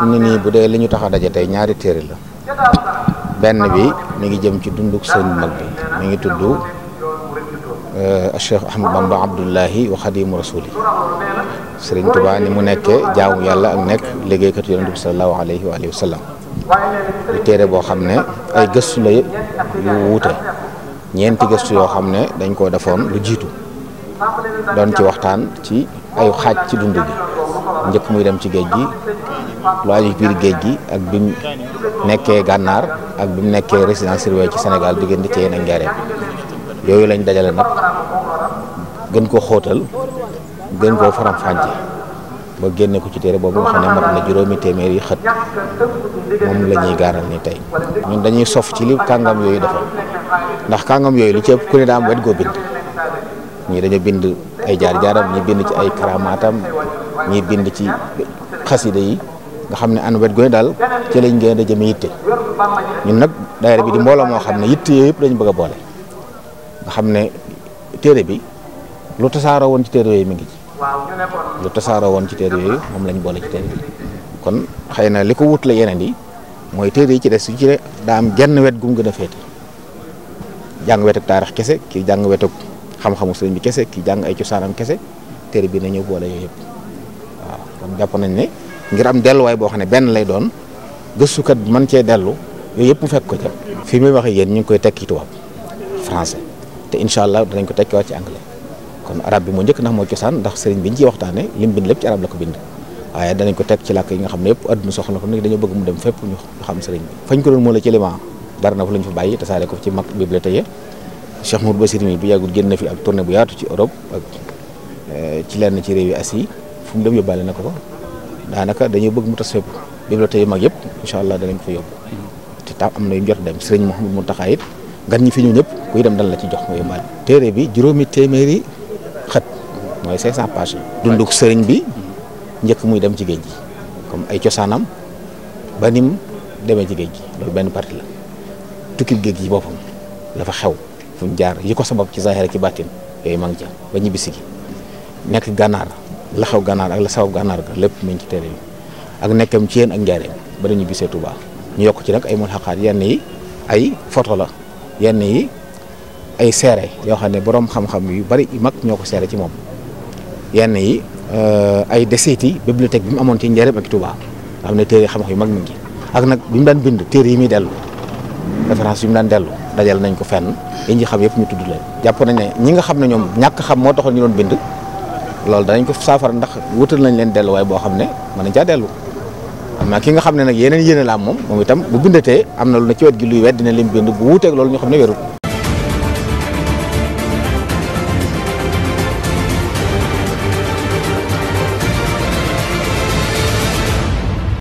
fi mu ne nii bu dee li ñu tax a daje tey ñaari téere la benn bi mi ngi jëm ci dunduk sëñ mag bi mi ngi tudd euh, Cheikh Ahmad Bamba Abdullahi wa Xadimu Rasuli Sëriñ Tuubaa ni mu nekkee jaamu yàlla ak nekk liggéeykatu yonent bi salallaahu alayhi wa alihi wa sallam di téere boo xam ne ay gëstu la yu wuute ñeenti gëstu yoo xam ne dañ koo defoon lu jiitu doon ci waxtaan ci ay xaaj ci dund gi njëkk muy dem ci géej gi lu aju biir géej gi ak bi mu nekkee gànnaar ak bi mu nekkee résidence surveillée ci Sénégal diggante Thiéyène ak Ndiarème yooyu lañ dajale nag gën koo xóotal gën koo faram-fàccee ba génne ko ci téere boobu nga xam ne mat na juróomi téeméer yi xët moom la ñuy gaaral ni tey. ñun dañuy sof ci li kàngam yooyu defal ndax kàngam yooyu lu ci ku ne daa wet goo bind. ñii dañoo bind ay jaar jaaram ñi bind ci ay karamaatam ñi bind ci xasida yi nga xam ne an wet gu ne daal ci lañ gën a jëme yitte ñun nag daayira bi di mbooloo xam ne yitte yëpp dañu bëgg a boole xam ne téere bi lu tasaaroo woon ci téere yooyu mi ngi ci lu tasaaroo woon ci téere moom lañ boole ci téere bi kon xëy na li ko wut yeneen yi mooy téere yi ci des su ci daa am genn wet gu mu gën a féete jàng wetuk taarix kese kii jàng wetuk xam-xamu sëriñ bi kese ki jàng ay cosaanam kese téere bi nañu boole yooyu yëpp waaw kon jàpp nañ ne ngir am delluwaay boo xam ne benn lay doon gëstukat mën cee dellu yooyu yëpp mu fekk ko ca. fii muy waxee yéen ñu ngi koy tekki tubaab français te incha allah danañ ko tekkiwaat ci anglais kon arab bi moo njëkk ndax moo cosaan ndax sëriñ bi ñu ciy waxtaanee li mu bind lépp ci arab la ko bind waaye danañ ko teg ci làkk yi nga xam ne yëpp adduna soxla ko nag dañoo bëgg mu dem fépp ñu xam sëriñ bi fañ ko la ci limaa dara na fa lañ fa bàyyi Cheikh Mour Bassir mi bu yàggul génn na fi ak tournée bu yaatu ci Europe ak eh, ci lenn ci réew yi assi fu mu dem yóbbaale na ko ko daanaka dañoo bëgg mu tas fépp bibliothèque yu mag yëpp incha allah danañ ko fa yóbbu te tam am na yu jot dem sëriñ Mouhamadou Mountakha it gan ñi fi ñëw ñëpp kuy dem dal la ci jox nga yóbbaale. téere bi juróomi téeméeri xët mooy 500 pages yi. dunduk sëriñ bi njëkk muy dem ci géej gi comme ay cosaanam ba nim demee ci géej gi benn partie la tukki géej gi boppam dafa xew. fuñ jaar yi ko sabab ci zahir ki baatin yooyu mag ngi ci ba ñibbisi gi nekk gànnaar la xew gànnaar ak la sabab gànnaar ga lépp mu ngi ci téere bi ak nekkam ci yéen ak njaareem ba dañu bisee Touba ñu yokk ci nag ay mulxaqaat yenn yi ay photo la yenn yi ay seere yoo xam ne boroom xam-xam yu bari yu mag ñoo ko seere ci moom yenn yi euh, ay desit yi bi mu amoon ci njaareem ak Touba nga xam ne téere xam-xam yu mag mi ngi ak nag bi mu daan bind téere yi muy dellu référence yi mu daan dellu dajal nañ ko fenn yi ñi xam yëpp ñu tudd leen jàpp nañ ne ñi nga xam ne ñoom ñàkk xam moo taxoon ñu doon bind loolu danañ ko saafara ndax wutal nañ leen delluwaay boo xam ne mën nañ caa dellu am ki nga xam ne nag yeneen yéene la am moom moom itam bu bindatee am na lu ne ci wet gi luy wet dina lim bind bu wuuteeg loolu ñu xam ne wérul